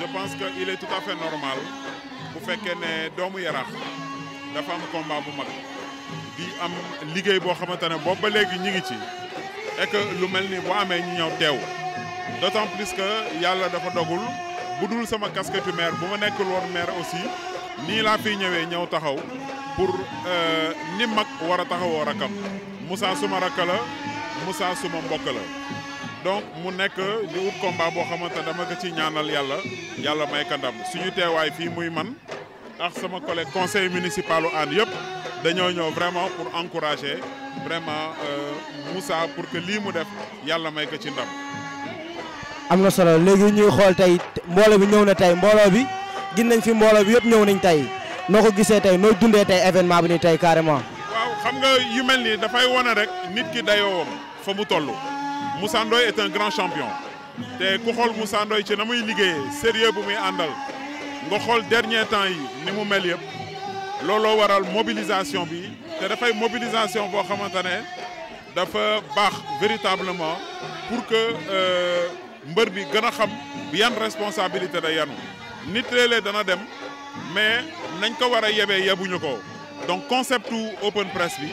je pense que il est tout à fait normal bu fekkee ne doomu yaraax dafa am combat bu mag di am liguey bo xamante ne ba léegi ñi ngi ci et que lu melni bo amé amee ñu ñëw teew d'autant plus que yalla dafa dogul bu dul sama casquette maire buma ma nekkul woon maire aussi Ni la fi ñëwé ñëw taxaw pour euh, ni mak wara taxaw rakam Moussa suma rakala Moussa suma mbokk donc mu nek di wut combat bo xamantene dama ko ci ñaanal yalla yalla may ko ndam suñu téway fi muy man ak sama collègue conseil municipal u Hann yëpp dañoo ñëw vraiment pour encourager vraiment euh, Moussa pour que li mu def yalla may ko ci ndam. amna solo léegi ñuy xol tay mbolo bi ñëw na tey mbooloo bi gis nañ fi mbolo bi yep ñew nañ tay noko gisé tay tey dundé tay événement bi ni tay carrément. waaw xam nga yu melni da fay wane rek nit ki dayoowam fa mu tollu Moussa est un grand champion te ku xool Moussa Ndoye ci na muy liggéeyee sérieux bu muy andal. nga xool dernier temps yi ni mu mel yëpp looloo waral mobilisation bi te dafay mobilisation boo xamante ne dafa baax véritablement pour que euh, mbër bi gën a xam yan responsabilité da yanu nit léeg dana dem mais nañ ko war a yebee ko donc conceptu open press bi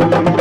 Thank you.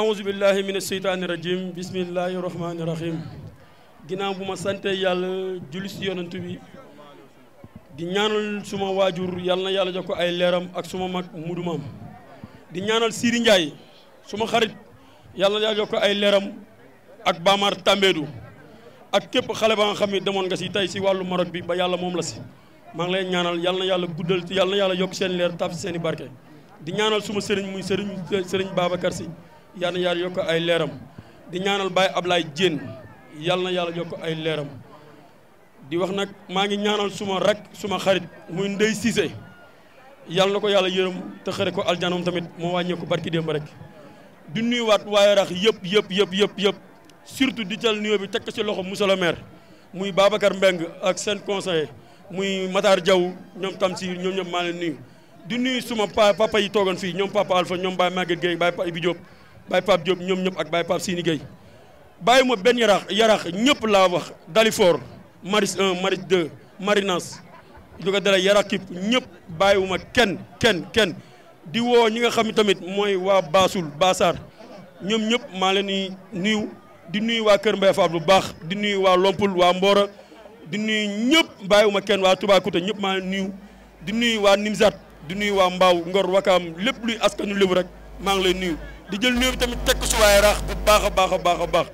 auzu billahi min asheytaani rajim bismillahi rahmaani rahim ginnaaw bu ma sante yàlla julli si yonent bi di ñaanal suma waajur yàlla na yàlla jox ko ay leeram ak suma mag mudumaam di ñaanal Siri Ndiaye suma xarit yàlla na jox ko ay leeram ak Bamar Tambédou ak képp xale ba nga xam ne demoon nga si tey si wàllu Maroc bi ba yàlla moom la si maa ngi lay ñaanal yàlla na yàlla guddal yàlla na yàlla yokk seen leer taf seeni seen barke di ñaanal suma sëriñ muy sëriñ sëriñ Babacar si yal na yàlla yokk ay leeram di ñaanal Baye ablay Dieng yal na yàlla yokk ay leeram di wax nak ma ngi ñaanal suma rek suma xarit muy Ndey Cissé yal na ko yàlla te xere ko aljanoom tamit wañe ko barki dem rek di wat waye rax yep yep yep yep yep surtout di tal nuyu bi tek ci loxo monsieur le maire muy babakar Mbeng ak sen conseiller muy Matar jaw ñom tam si ñom ñom ma leen nuyu di nuyu suma papa yi togon fi ñom papa Alpha ñom Baye magge Gueye Baye Pape Ibi bay pap Diop ñom ñep ak bay pap Sini gay bay mo nyop yarax yarax ñep la wax dalifor Maris 1 Maris 2 Marinas lu ko dalee yaraax kip ñep bayuma ken ken ken di wo ñi nga xam tamit moy wa basul basar ñom ñep ma la ni nuyu di nuyu wa keur mbay fab lu bax di nuyu wa Lompul wa Mbora di nuyu ñëpp ken wa waa Toubacouta ñëpp maa leen nuyu di nuyu wa Nimzat di nuyu wa mbaw Ngor wakam lepp luy askanu Lebu rek ma ngi lay nuyu di jël nuyu tamit tek ko su waay rax bu baaxa baaxa baaxa baax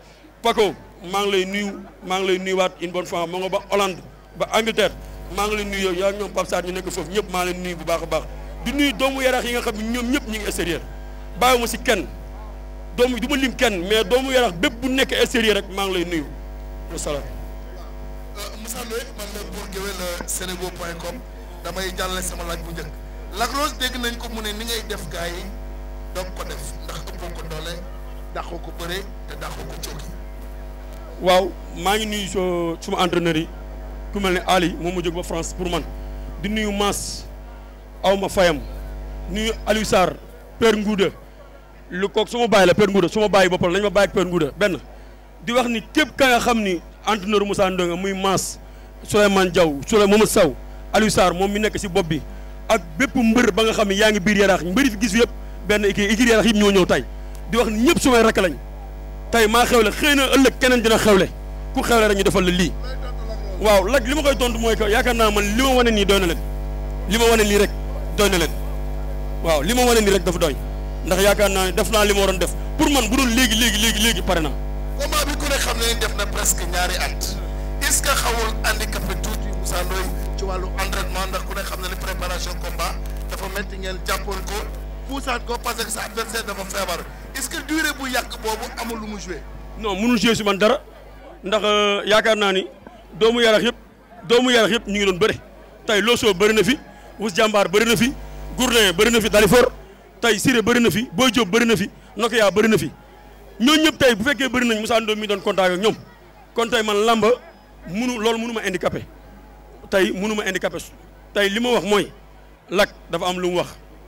pako ma ngi lay nuyu ma ngi lay nuyuwaat une bonne fois moo nga ba Hollande ba Angleterre ma ngi lay nuyu yow yaa ñoom Pape ñu nekk foofu ñëpp maa ngi lay nuyu bu baaxa baax di nuyu doomu yarax yi nga xam ne ñoom ñëpp ñu ngi extérieur bàyyiwuma si kenn doomu du ma lim kenn mais doomu yarax bépp bu nekk extérieur rek maa ngi lay nuyu wasalaam. Euh, Moussa Ndoye man la Bour Gueweul euh, Senego damay jàllale sama laaj bu njëkk Lac Rose dégg nañ ko mu ne ni ngay def gars yi doog ko def ndax ëppoo ko waaw maa ngi nuyu suma entraîneur yi ku mel ne Ali moom mu jóg ba France pour man di nuyu Mass aw ma fayam nuyu Aliou Sarr Père Ngouda lu kook su ma bàyyi la Père Ngouda su ma bàyyi boppam lañ ma bàyyi ak Père Ngouda benn di wax ni képp ka nga xam ni entraîneur Moussa Ndonga muy Mass Souleymane Diaw Souley Mamadou Sow Aliou Sarr moom mi nekk si bopp bi ak bépp mbër ba nga xam ne yaa ngi biir yaraax mbëri fi gis yëpp benn écurie écurie yàlla yëpp ñoo ñëw tey di wax ñëpp sumay rakk lañ tey maa xewle xëy na ëllëg keneen dina xewle ku xewle rek ñu defal la lii waaw laj li ma koy tontu mooy que yaakaar naa man li ma wane nii doy na leen li ma wane nii rek doy na leen waaw li ma wane nii rek dafa doy ndax yaakaar naa ne def naa li ma waroon def pour man bu doon léegi léegi léegi léegi pare na combat bi ku ne xam ne def na presque ñaari at est-ce que xawul handicapé tuuti Moussa Ndoye ci wàllu entraînement ndax ku ne xam ne ne préparation combat dafa métti ngeen jàppoon ko puusaat ko parce que sa adversaire dafa feebar est-ce que durée bu yàgg boobu amul lu mu joué. non mënul joué si man dara ndax euh, yaakaar naa ni doomu yarax yëpp doomu yarax yëpp ñu ngi doon bëri tey Loso bëri na fi Wus Jàmbaar bëri na fi Gourdin bëri na fi Dalifor tey Siré bëri na fi Boy Diop bëri na fi Nokia bëri na fi ñooñu ñëpp bu fekkee bëri nañ Moussa doom mi doon contact ak ñoom kon tey man lamba munu loolu munu ma handicapé tey munu ma handicapé tey li ma wax mooy lak dafa am lu mu wax.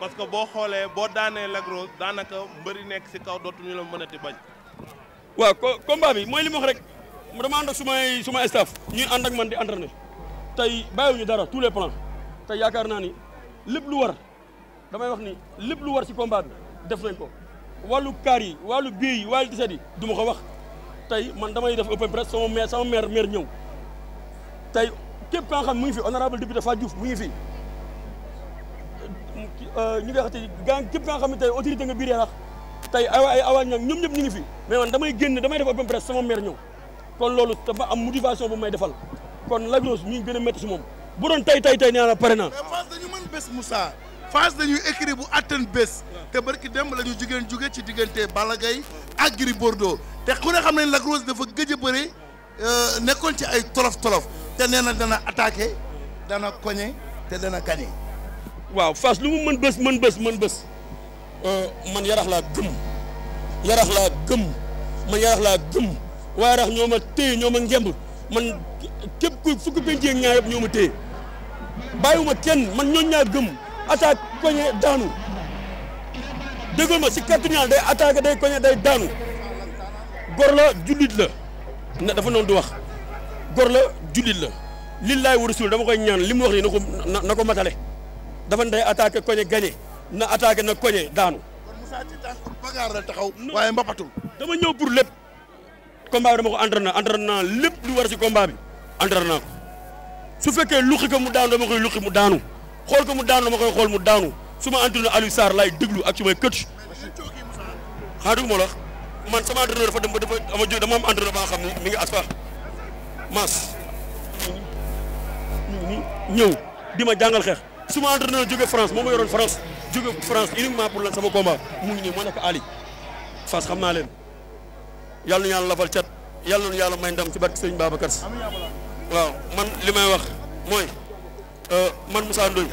parce que boo xoolee boo daanee Lac Rose daanaka mbëri nekk si kaw dootuñu la mënati bañ. waaw ko combat bi mooy li ma wax rek dama ànd ak sumay suma staff ñuy ànd ak man di entraîné tey bàyyiwuñu dara tous les plans tey yaakaar naa ni lépp lu war damay wax ni lépp lu war si combat bi def nañ ko wàllu kaar yi wàllu bii yi wàllu tiset yi du ma ko wax tey man damay def open press sama maire sama maire maire ñëw tey képp ka xam mu ngi fi honorable député Fatou Diouf mu ngi Euh, ñu koy wax tey gaa képp nga xam ne tey autorité nga biir Yaraax tey ay awa ñag ñoom ñëpp ñu ngi fi mais man damay génn damay def open press sama maire ñëw kon loolu dama am motivation bu may defal kon Lac Rose mi ngi gën a métti moom bu doon tey tey tey nee na pare naa. mais Fass dañu mën bés Moussa Fass dañuy écrit bu attan bés. te barki demb la ñu jigéen jóge ci diggante Balla Gaye ak Gris Bordeaux te ku ne xam ne Lac Rose dafa gëj a bëre euh, nekkoon ci ay tolof tolof te nee na dana attaqué dana koñe te dana gañe. waaw fas lu mu mën bés mën bés mën bés euh, man yarax laa gëm yarax laa gëm man yarax gëm waaye yarax ñoo ma téye ñoo ma ngemb man képp ku fukki penc yeeg ñaar yëpp ñoo ma kenn man ñooñ ñaa gëm attaque koñe daanu déggal ma si kàttu ñaar day attaque day koñe day daanu gor la jullit la na dafa noonu di wax gor la jullit la lillaay wa rasul dama koy ñaan li mu wax nii na ko matale dafa day attaqué koñe gagné na attaqué na koñe daanu. kon Moussa ci taxaw. waaye mbapatul. dama ñëw pour lépp. combat bi dama ko entraîné entraîné lépp lu war si combat bi entraîné naa ko su fekkee luqi ko mu daanu dama koy luqi mu daanu xool ko mu daanu dama koy xool mu daanu su ma entraîné Aliou Sarr laay déglu ak su may coach. xanaa dugg moo man sama entraîneur dafa dem ba dafa ama jóg dama am entraîneur ba nga xam ne mi ngi asfa mas ñëw di ma jàngal xeex. suma entraîneur jóge France moom yoron France jóge France uniquement pour lan sama combat mu ñu nii ma nekk Ali fas xamna len yalla ñu yalla lafal cat yalla ñu yalla may ndam ci barke Sëriñ babakar Si waaw man limay wax moy euh man Moussa ndoy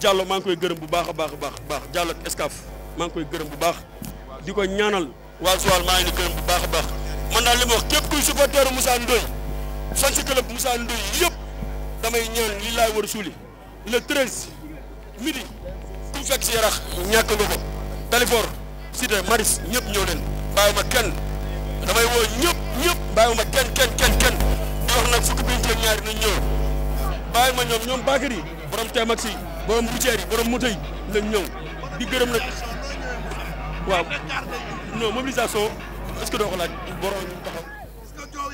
Diallo mang koy gërëm bu baax a baax baax baax Diallo Escaf mang koy gërëm bu baax diko ñaanal wa soal ma ngi gërëm bu baax baax man dal li ma wax képp kuy supporter Moussa ndoy fan ci club Moussa ndoy yépp damay ñaan li laay war a le treize midi ku mu yarax ñàkk nga ko Dalifort Cité Maris ñëpp ñëw leen bàyyiwuma kenn damay woo ñëpp ñëpp bàyyiwuma kenn kenn kenn kenn di wax nag fukki biñ jëm ñaari nañ ñëw bàyyi ma ñoom ñoom Bakary yi borom Temax yi borom routière yi borom moto yi lañ di gërëm nag waaw non mobilisation est-ce que doo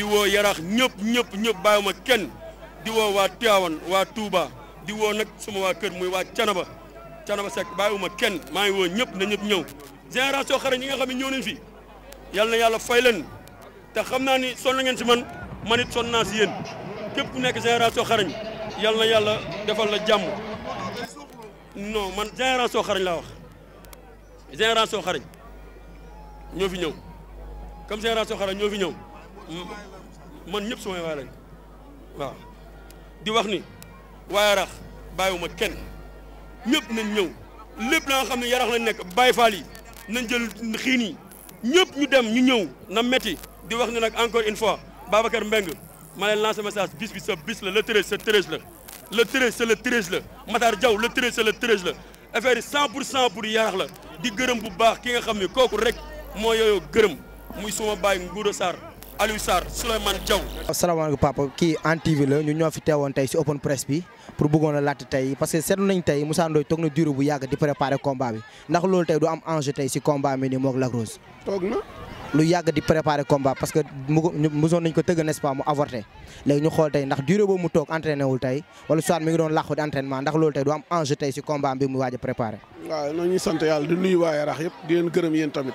di woo yarax ñëpp ñëpp ñëpp ma kenn di woo waa Tivaouane waa Touba di woo nag suma waa kër muy waa Canaba Canaba Seck bàyyiwuma kenn maa ngi woo ñëpp na ñëpp ñëw génération xare ñi nga xam ne ñëw nañ fi yàlla na yàlla fay leen te xam naa ni sonn ngeen si man man it sonn naa si yéen képp ku nekk génération xarañ yàlla na yàlla defal la jàmm non man génération xarañ laa wax soo xarañ ñoo fi ñëw comme génération xarañ ñoo fi ñëw man ñëpp sumay waay lañ waaw di wax ni waa Yarax bàyyiwuma kenn ñëpp nañ ñëw lépp la nga xam ne Yarax lañ nekk Baye Fall yi nañ jël xiin ñëpp ñu dem ñu ñëw na metti di wax ne nag encore une fois Babacar Mbengue ma leen lancé message bis bi sa bis la le treize sa treize la le treize c'est le treize la Matar Diaw le treize c'est le la affaire yi cent pour cent Yarax la di gërëm bu baax ki nga xam ne kooku rek mooy yooyoo gërëm muy suma baay Nguuda Sarr Aliou Sarr Souleymane Diaw. asalaamaaleykum papa kii Hann la ñu ñoo fi teewoon tey si open press bi pour bëggoon a laajte tey parce que seetlu nañ tey Moussa Ndoye toog na durée bu yàgg di préparer combat bi ndax loolu tey du am enjeu tey si combat mi nii moog Lac Rose. parce que mu ko tëgg n'est-ce pas mu avorté léegi ñu xool tey ndax durée boobu mu toog entraîné wul tey wala soit mi ngi doon làqu di entraînement ndax loolu tey du am enjeu tey si combat bi mu waaj préparé. waaw ñoo yàlla di nuyu yëpp di leen gërëm yéen tamit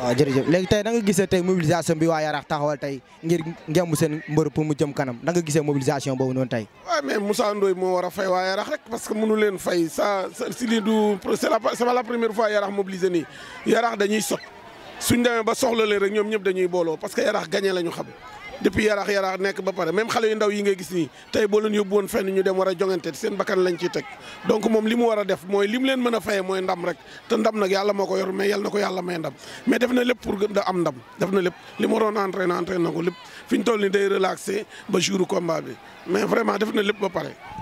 waaw jërëjëf léegi tey da nga gisee tey mobilisation bi waa Yaraax taxawal tey ngir ngemb seen mbër mu jëm kanam da nga gisee mobilisation boobu noonu tey waaw mais Moussa Ndoye moo war a fay waa Yaraax rek parce que mënu leen fay ça si lii du c'est la première fois Yaraax mobilisé ni Yaraax dañuy sot suñ demee ba soxla leen rek ñoom ñëpp dañuy booloo parce que gagné la xam depuis yaraax yaraax nekk ba pare même xale yu ndaw yi nga gis nii tey boo leen yóbbu woon fenn ñu dem war a jongante seen bakkan lañ ciy teg donc moom li mu war a def mooy li mu leen mën a fayee mooy ndam rek te ndam nag yàlla moo ko yor mais yàlla na ko yàlla may ndam mais def na lépp pour da am ndam def na lépp li mu waroon entraîné entraîné na ko lépp fi ñu toll ni day relaxé ba jour combat bi mais vraiment def na lépp ba pare